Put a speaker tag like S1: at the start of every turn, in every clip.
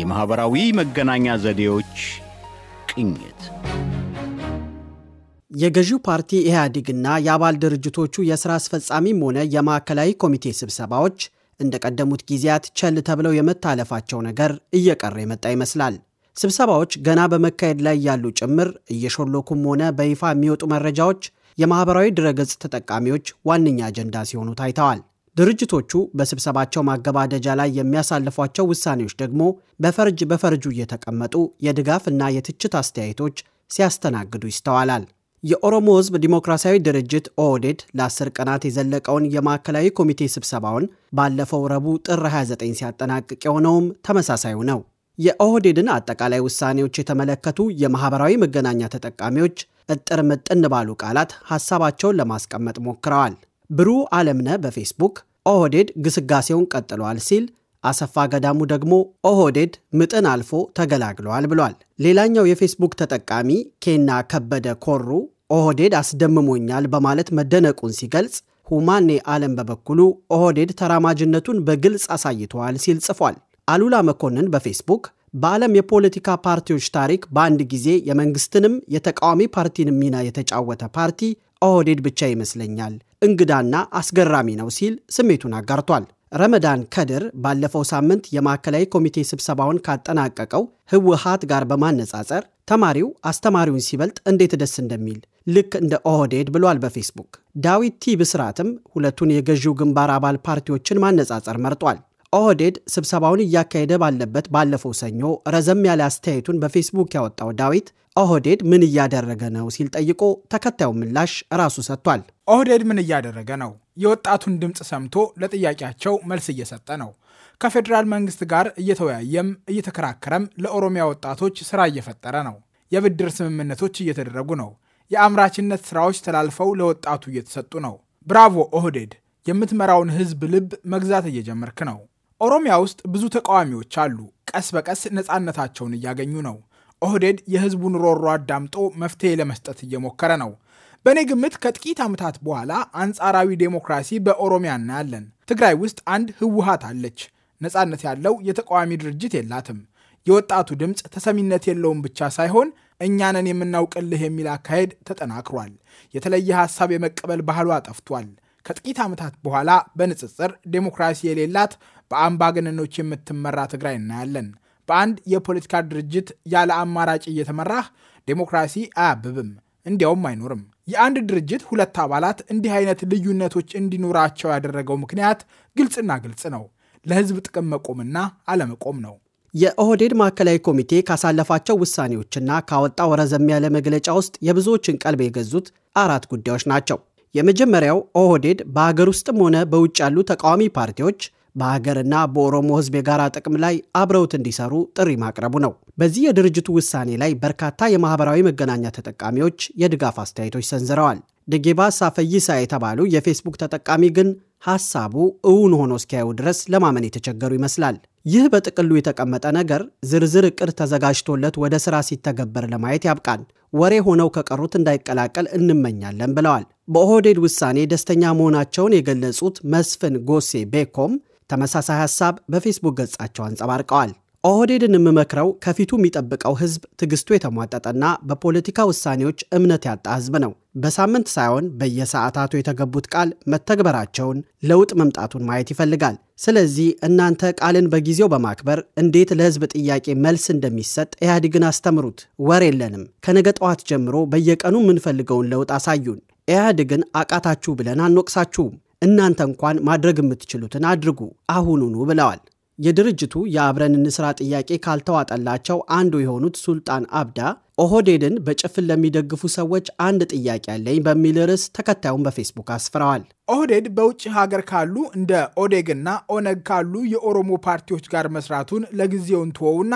S1: የማኅበራዊ መገናኛ ዘዴዎች ቅኝት
S2: የገዢው ፓርቲ ኢህአዴግና የአባል ድርጅቶቹ የሥራ አስፈጻሚም ሆነ የማዕከላዊ ኮሚቴ ስብሰባዎች እንደቀደሙት ጊዜያት ቸል ተብለው የመታለፋቸው ነገር እየቀረ የመጣ ይመስላል። ስብሰባዎች ገና በመካሄድ ላይ ያሉ ጭምር እየሾለኩም ሆነ በይፋ የሚወጡ መረጃዎች የማኅበራዊ ድረገጽ ተጠቃሚዎች ዋነኛ አጀንዳ ሲሆኑ ታይተዋል። ድርጅቶቹ በስብሰባቸው ማገባደጃ ላይ የሚያሳልፏቸው ውሳኔዎች ደግሞ በፈርጅ በፈርጁ እየተቀመጡ የድጋፍ እና የትችት አስተያየቶች ሲያስተናግዱ ይስተዋላል። የኦሮሞ ሕዝብ ዲሞክራሲያዊ ድርጅት ኦህዴድ ለአስር ቀናት የዘለቀውን የማዕከላዊ ኮሚቴ ስብሰባውን ባለፈው ረቡዕ ጥር 29 ሲያጠናቅቅ የሆነውም ተመሳሳዩ ነው። የኦህዴድን አጠቃላይ ውሳኔዎች የተመለከቱ የማኅበራዊ መገናኛ ተጠቃሚዎች እጥር ምጥን ባሉ ቃላት ሐሳባቸውን ለማስቀመጥ ሞክረዋል። ብሩህ አለምነ በፌስቡክ ኦህዴድ ግስጋሴውን ቀጥሏል ሲል አሰፋ ገዳሙ ደግሞ ኦህዴድ ምጥን አልፎ ተገላግሏል ብሏል። ሌላኛው የፌስቡክ ተጠቃሚ ኬና ከበደ ኮሩ ኦህዴድ አስደምሞኛል በማለት መደነቁን ሲገልጽ፣ ሁማኔ አለም በበኩሉ ኦህዴድ ተራማጅነቱን በግልጽ አሳይተዋል ሲል ጽፏል። አሉላ መኮንን በፌስቡክ በዓለም የፖለቲካ ፓርቲዎች ታሪክ በአንድ ጊዜ የመንግስትንም የተቃዋሚ ፓርቲንም ሚና የተጫወተ ፓርቲ ኦህዴድ ብቻ ይመስለኛል፣ እንግዳና አስገራሚ ነው ሲል ስሜቱን አጋርቷል። ረመዳን ከድር ባለፈው ሳምንት የማዕከላዊ ኮሚቴ ስብሰባውን ካጠናቀቀው ህወሀት ጋር በማነጻጸር ተማሪው አስተማሪውን ሲበልጥ እንዴት ደስ እንደሚል ልክ እንደ ኦህዴድ ብሏል በፌስቡክ። ዳዊት ቲ ብስራትም ሁለቱን የገዢው ግንባር አባል ፓርቲዎችን ማነጻጸር መርጧል። ኦህዴድ ስብሰባውን እያካሄደ ባለበት ባለፈው ሰኞ ረዘም ያለ አስተያየቱን በፌስቡክ ያወጣው ዳዊት ኦህዴድ ምን እያደረገ ነው ሲል ጠይቆ ተከታዩ ምላሽ ራሱ ሰጥቷል።
S1: ኦህዴድ ምን እያደረገ ነው? የወጣቱን ድምፅ ሰምቶ ለጥያቄያቸው መልስ እየሰጠ ነው። ከፌዴራል መንግስት ጋር እየተወያየም እየተከራከረም ለኦሮሚያ ወጣቶች ስራ እየፈጠረ ነው። የብድር ስምምነቶች እየተደረጉ ነው። የአምራችነት ስራዎች ተላልፈው ለወጣቱ እየተሰጡ ነው። ብራቮ ኦህዴድ፣ የምትመራውን ህዝብ ልብ መግዛት እየጀመርክ ነው። ኦሮሚያ ውስጥ ብዙ ተቃዋሚዎች አሉ። ቀስ በቀስ ነፃነታቸውን እያገኙ ነው። ኦህዴድ የህዝቡን ሮሮ አዳምጦ መፍትሄ ለመስጠት እየሞከረ ነው። በእኔ ግምት ከጥቂት ዓመታት በኋላ አንጻራዊ ዴሞክራሲ በኦሮሚያ እናያለን። ትግራይ ውስጥ አንድ ህወሀት አለች። ነፃነት ያለው የተቃዋሚ ድርጅት የላትም። የወጣቱ ድምፅ ተሰሚነት የለውም ብቻ ሳይሆን እኛንን የምናውቅልህ የሚል አካሄድ ተጠናክሯል። የተለየ ሀሳብ የመቀበል ባህሏ ጠፍቷል። ከጥቂት ዓመታት በኋላ በንጽጽር ዴሞክራሲ የሌላት በአምባገነኖች የምትመራ ትግራይ እናያለን። በአንድ የፖለቲካ ድርጅት ያለ አማራጭ እየተመራህ ዴሞክራሲ አያብብም፣ እንዲያውም አይኖርም። የአንድ ድርጅት ሁለት አባላት እንዲህ አይነት ልዩነቶች እንዲኖራቸው ያደረገው ምክንያት ግልጽና ግልጽ ነው። ለህዝብ ጥቅም መቆምና አለመቆም ነው።
S2: የኦህዴድ ማዕከላዊ ኮሚቴ ካሳለፋቸው ውሳኔዎችና ካወጣው ረዘም ያለ መግለጫ ውስጥ የብዙዎችን ቀልብ የገዙት አራት ጉዳዮች ናቸው። የመጀመሪያው ኦህዴድ በአገር ውስጥም ሆነ በውጭ ያሉ ተቃዋሚ ፓርቲዎች በሀገርና በኦሮሞ ሕዝብ የጋራ ጥቅም ላይ አብረውት እንዲሰሩ ጥሪ ማቅረቡ ነው። በዚህ የድርጅቱ ውሳኔ ላይ በርካታ የማህበራዊ መገናኛ ተጠቃሚዎች የድጋፍ አስተያየቶች ሰንዝረዋል። ደጌባሳ ፈይሳ የተባሉ የፌስቡክ ተጠቃሚ ግን ሐሳቡ እውን ሆኖ እስኪያዩ ድረስ ለማመን የተቸገሩ ይመስላል። ይህ በጥቅሉ የተቀመጠ ነገር ዝርዝር እቅድ ተዘጋጅቶለት ወደ ሥራ ሲተገበር ለማየት ያብቃን፣ ወሬ ሆነው ከቀሩት እንዳይቀላቀል እንመኛለን ብለዋል። በኦህዴድ ውሳኔ ደስተኛ መሆናቸውን የገለጹት መስፍን ጎሴ ቤኮም ተመሳሳይ ሐሳብ በፌስቡክ ገጻቸው አንጸባርቀዋል። ኦህዴድን የምመክረው ከፊቱ የሚጠብቀው ህዝብ ትዕግስቱ የተሟጠጠና በፖለቲካ ውሳኔዎች እምነት ያጣ ህዝብ ነው። በሳምንት ሳይሆን በየሰዓታቱ የተገቡት ቃል መተግበራቸውን፣ ለውጥ መምጣቱን ማየት ይፈልጋል። ስለዚህ እናንተ ቃልን በጊዜው በማክበር እንዴት ለህዝብ ጥያቄ መልስ እንደሚሰጥ ኢህአዲግን አስተምሩት። ወር የለንም። ከነገ ጠዋት ጀምሮ በየቀኑ የምንፈልገውን ለውጥ አሳዩን። ኢህአዲግን አቃታችሁ ብለን አንወቅሳችሁም። እናንተ እንኳን ማድረግ የምትችሉትን አድርጉ አሁኑኑ ብለዋል። የድርጅቱ የአብረን እንስራ ጥያቄ ካልተዋጠላቸው አንዱ የሆኑት ሱልጣን አብዳ ኦህዴድን በጭፍን ለሚደግፉ ሰዎች አንድ ጥያቄ አለኝ በሚል ርዕስ ተከታዩን በፌስቡክ አስፍረዋል።
S1: ኦህዴድ በውጭ ሀገር ካሉ እንደ ኦዴግና ኦነግ ካሉ የኦሮሞ ፓርቲዎች ጋር መስራቱን ለጊዜውን ትወውና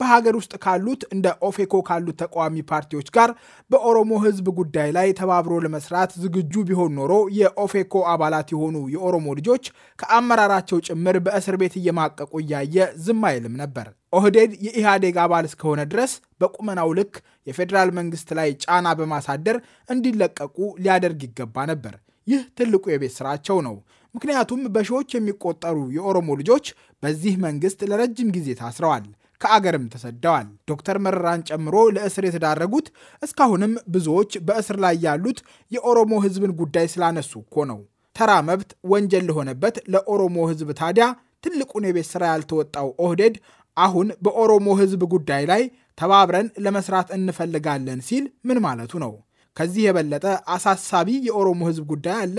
S1: በሀገር ውስጥ ካሉት እንደ ኦፌኮ ካሉት ተቃዋሚ ፓርቲዎች ጋር በኦሮሞ ሕዝብ ጉዳይ ላይ ተባብሮ ለመስራት ዝግጁ ቢሆን ኖሮ የኦፌኮ አባላት የሆኑ የኦሮሞ ልጆች ከአመራራቸው ጭምር በእስር ቤት እየማቀቁ እያየ ዝም አይልም ነበር። ኦህዴድ የኢህአዴግ አባል እስከሆነ ድረስ በቁመናው ልክ የፌዴራል መንግስት ላይ ጫና በማሳደር እንዲለቀቁ ሊያደርግ ይገባ ነበር። ይህ ትልቁ የቤት ስራቸው ነው። ምክንያቱም በሺዎች የሚቆጠሩ የኦሮሞ ልጆች በዚህ መንግስት ለረጅም ጊዜ ታስረዋል። ከአገርም ተሰደዋል። ዶክተር መረራን ጨምሮ ለእስር የተዳረጉት እስካሁንም ብዙዎች በእስር ላይ ያሉት የኦሮሞ ሕዝብን ጉዳይ ስላነሱ እኮ ነው። ተራ መብት ወንጀል ለሆነበት ለኦሮሞ ሕዝብ ታዲያ ትልቁን የቤት ስራ ያልተወጣው ኦህዴድ አሁን በኦሮሞ ሕዝብ ጉዳይ ላይ ተባብረን ለመስራት እንፈልጋለን ሲል ምን ማለቱ ነው? ከዚህ የበለጠ አሳሳቢ የኦሮሞ ሕዝብ ጉዳይ አለ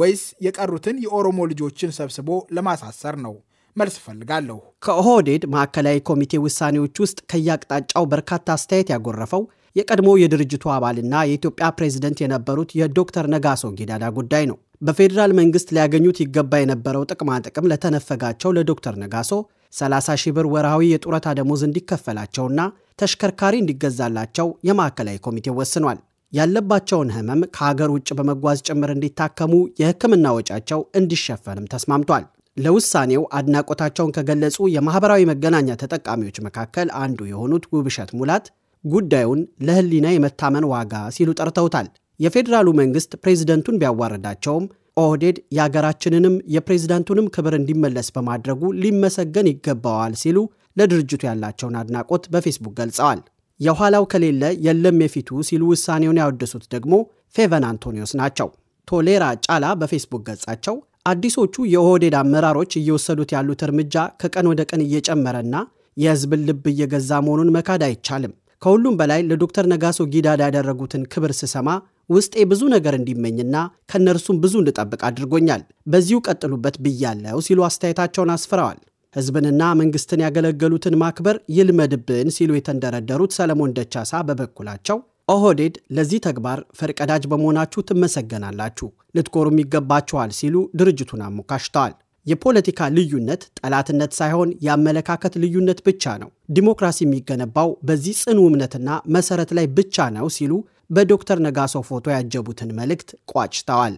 S1: ወይስ
S2: የቀሩትን የኦሮሞ ልጆችን ሰብስቦ ለማሳሰር ነው? መልስ እፈልጋለሁ። ከኦህዴድ ማዕከላዊ ኮሚቴ ውሳኔዎች ውስጥ ከየአቅጣጫው በርካታ አስተያየት ያጎረፈው የቀድሞ የድርጅቱ አባልና የኢትዮጵያ ፕሬዝደንት የነበሩት የዶክተር ነጋሶ ጊዳዳ ጉዳይ ነው። በፌዴራል መንግስት ሊያገኙት ይገባ የነበረው ጥቅማ ጥቅም ለተነፈጋቸው ለዶክተር ነጋሶ 30 ሺህ ብር ወርሃዊ የጡረታ ደሞዝ እንዲከፈላቸውና ተሽከርካሪ እንዲገዛላቸው የማዕከላዊ ኮሚቴ ወስኗል። ያለባቸውን ህመም ከሀገር ውጭ በመጓዝ ጭምር እንዲታከሙ የህክምና ወጫቸው እንዲሸፈንም ተስማምቷል። ለውሳኔው አድናቆታቸውን ከገለጹ የማኅበራዊ መገናኛ ተጠቃሚዎች መካከል አንዱ የሆኑት ውብሸት ሙላት ጉዳዩን ለሕሊና የመታመን ዋጋ ሲሉ ጠርተውታል። የፌዴራሉ መንግሥት ፕሬዝደንቱን ቢያዋረዳቸውም ኦህዴድ የአገራችንንም የፕሬዝደንቱንም ክብር እንዲመለስ በማድረጉ ሊመሰገን ይገባዋል ሲሉ ለድርጅቱ ያላቸውን አድናቆት በፌስቡክ ገልጸዋል። የኋላው ከሌለ የለም የፊቱ ሲሉ ውሳኔውን ያወደሱት ደግሞ ፌቨን አንቶኒዮስ ናቸው። ቶሌራ ጫላ በፌስቡክ ገጻቸው አዲሶቹ የኦህዴድ አመራሮች እየወሰዱት ያሉት እርምጃ ከቀን ወደ ቀን እየጨመረና የህዝብን ልብ እየገዛ መሆኑን መካድ አይቻልም። ከሁሉም በላይ ለዶክተር ነጋሶ ጊዳዳ ያደረጉትን ክብር ስሰማ ውስጤ ብዙ ነገር እንዲመኝና ከእነርሱም ብዙ እንድጠብቅ አድርጎኛል። በዚሁ ቀጥሉበት ብያለው ሲሉ አስተያየታቸውን አስፍረዋል። ህዝብንና መንግስትን ያገለገሉትን ማክበር ይልመድብን ሲሉ የተንደረደሩት ሰለሞን ደቻሳ በበኩላቸው ኦህዴድ ለዚህ ተግባር ፈርቀዳጅ በመሆናችሁ ትመሰገናላችሁ፣ ልትኮሩም ይገባችኋል ሲሉ ድርጅቱን አሞካሽተዋል። የፖለቲካ ልዩነት ጠላትነት ሳይሆን የአመለካከት ልዩነት ብቻ ነው፣ ዲሞክራሲ የሚገነባው በዚህ ጽኑ እምነትና መሰረት ላይ ብቻ ነው ሲሉ በዶክተር ነጋሶ ፎቶ ያጀቡትን መልእክት ቋጭተዋል።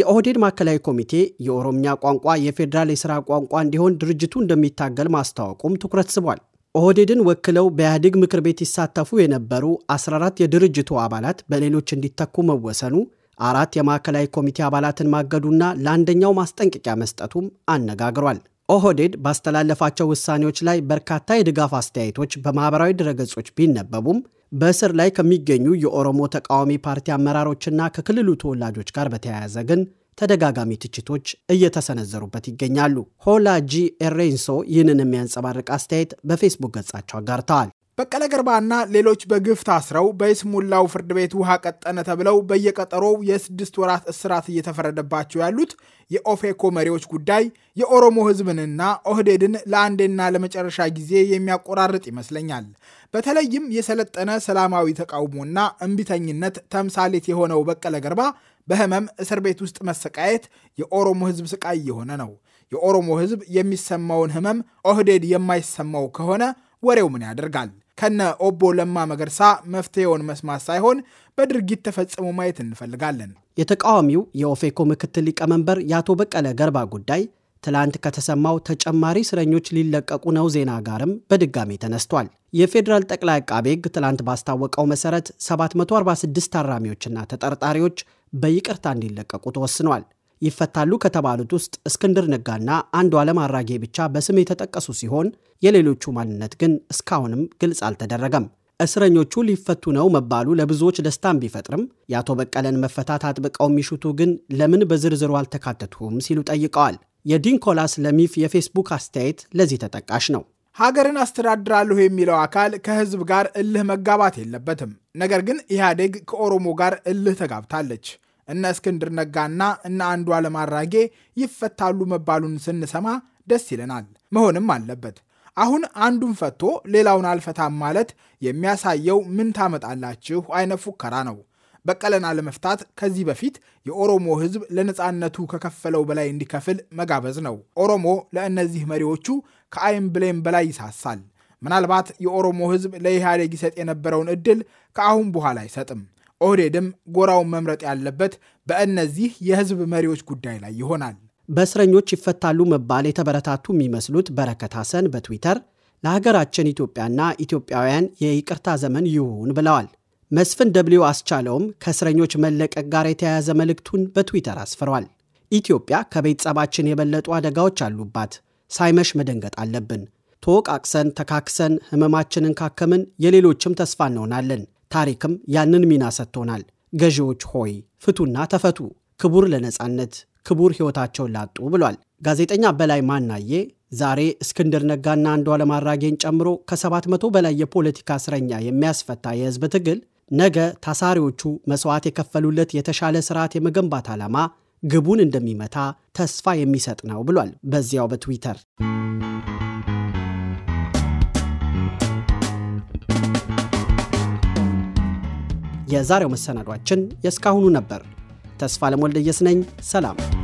S2: የኦህዴድ ማዕከላዊ ኮሚቴ የኦሮምኛ ቋንቋ የፌዴራል የሥራ ቋንቋ እንዲሆን ድርጅቱ እንደሚታገል ማስታወቁም ትኩረት ስቧል። ኦህዴድን ወክለው በኢህአዴግ ምክር ቤት ይሳተፉ የነበሩ 14 የድርጅቱ አባላት በሌሎች እንዲተኩ መወሰኑ አራት የማዕከላዊ ኮሚቴ አባላትን ማገዱና ለአንደኛው ማስጠንቀቂያ መስጠቱም አነጋግሯል። ኦህዴድ ባስተላለፋቸው ውሳኔዎች ላይ በርካታ የድጋፍ አስተያየቶች በማኅበራዊ ድረገጾች ቢነበቡም በእስር ላይ ከሚገኙ የኦሮሞ ተቃዋሚ ፓርቲ አመራሮችና ከክልሉ ተወላጆች ጋር በተያያዘ ግን ተደጋጋሚ ትችቶች እየተሰነዘሩበት ይገኛሉ። ሆላ ጂ ኤሬንሶ ይህንን የሚያንጸባርቅ አስተያየት በፌስቡክ ገጻቸው አጋርተዋል። በቀለ ገርባና ሌሎች በግፍ ታስረው በይስሙላው
S1: ፍርድ ቤት ውሃ ቀጠነ ተብለው በየቀጠሮው የስድስት ወራት እስራት እየተፈረደባቸው ያሉት የኦፌኮ መሪዎች ጉዳይ የኦሮሞ ሕዝብንና ኦህዴድን ለአንዴና ለመጨረሻ ጊዜ የሚያቆራርጥ ይመስለኛል። በተለይም የሰለጠነ ሰላማዊ ተቃውሞና እምቢተኝነት ተምሳሌት የሆነው በቀለ ገርባ በህመም እስር ቤት ውስጥ መሰቃየት የኦሮሞ ሕዝብ ስቃይ የሆነ ነው። የኦሮሞ ሕዝብ የሚሰማውን ህመም ኦህዴድ የማይሰማው ከሆነ ወሬው ምን ያደርጋል? ከነ ኦቦ ለማ መገርሳ መፍትሄውን መስማት
S2: ሳይሆን በድርጊት ተፈጽሞ ማየት እንፈልጋለን። የተቃዋሚው የኦፌኮ ምክትል ሊቀመንበር የአቶ በቀለ ገርባ ጉዳይ ትላንት ከተሰማው ተጨማሪ እስረኞች ሊለቀቁ ነው ዜና ጋርም በድጋሚ ተነስቷል። የፌዴራል ጠቅላይ አቃቤ ሕግ ትላንት ባስታወቀው መሰረት 746 ታራሚዎችና ተጠርጣሪዎች በይቅርታ እንዲለቀቁ ተወስኗል። ይፈታሉ ከተባሉት ውስጥ እስክንድር ነጋና አንዱ ዓለም አራጌ ብቻ በስም የተጠቀሱ ሲሆን የሌሎቹ ማንነት ግን እስካሁንም ግልጽ አልተደረገም። እስረኞቹ ሊፈቱ ነው መባሉ ለብዙዎች ደስታን ቢፈጥርም የአቶ በቀለን መፈታት አጥብቀው የሚሹቱ ግን ለምን በዝርዝሩ አልተካተቱም ሲሉ ጠይቀዋል። የዲንኮላስ ለሚፍ የፌስቡክ አስተያየት ለዚህ ተጠቃሽ ነው።
S1: ሀገርን አስተዳድራለሁ የሚለው አካል ከህዝብ ጋር እልህ መጋባት የለበትም። ነገር ግን ኢህአዴግ ከኦሮሞ ጋር እልህ ተጋብታለች። እነ እስክንድር ነጋና እነ አንዱ ዓለም አራጌ ይፈታሉ መባሉን ስንሰማ ደስ ይለናል። መሆንም አለበት። አሁን አንዱን ፈቶ ሌላውን አልፈታም ማለት የሚያሳየው ምን ታመጣላችሁ አይነት ፉከራ ነው። በቀለን አለመፍታት ከዚህ በፊት የኦሮሞ ሕዝብ ለነፃነቱ ከከፈለው በላይ እንዲከፍል መጋበዝ ነው። ኦሮሞ ለእነዚህ መሪዎቹ ከአይን ብሌም በላይ ይሳሳል። ምናልባት የኦሮሞ ሕዝብ ለኢህአዴግ ይሰጥ የነበረውን እድል ከአሁን በኋላ
S2: አይሰጥም። ኦህዴድም ጎራውን መምረጥ ያለበት በእነዚህ የህዝብ መሪዎች ጉዳይ ላይ ይሆናል። በእስረኞች ይፈታሉ መባል የተበረታቱ የሚመስሉት በረከት ሐሰን በትዊተር ለሀገራችን ኢትዮጵያና ኢትዮጵያውያን የይቅርታ ዘመን ይሁን ብለዋል። መስፍን ደብሊው አስቻለውም ከእስረኞች መለቀቅ ጋር የተያያዘ መልእክቱን በትዊተር አስፍሯል። ኢትዮጵያ ከቤተሰባችን የበለጡ አደጋዎች አሉባት። ሳይመሽ መደንገጥ አለብን። ተወቃቅሰን ተካክሰን ህመማችንን ካከምን የሌሎችም ተስፋ እንሆናለን። ታሪክም ያንን ሚና ሰጥቶናል። ገዢዎች ሆይ ፍቱና ተፈቱ፣ ክቡር ለነፃነት ክቡር ሕይወታቸውን ላጡ ብሏል። ጋዜጠኛ በላይ ማናዬ ዛሬ እስክንድር ነጋና አንዷ አራጌን ጨምሮ ከ700 በላይ የፖለቲካ እስረኛ የሚያስፈታ የህዝብ ትግል ነገ ታሳሪዎቹ መስዋዕት የከፈሉለት የተሻለ ስርዓት የመገንባት ዓላማ ግቡን እንደሚመታ ተስፋ የሚሰጥ ነው ብሏል። በዚያው በትዊተር የዛሬው መሰናዷችን የእስካሁኑ ነበር። ተስፋ ለሞልደየስ ነኝ። ሰላም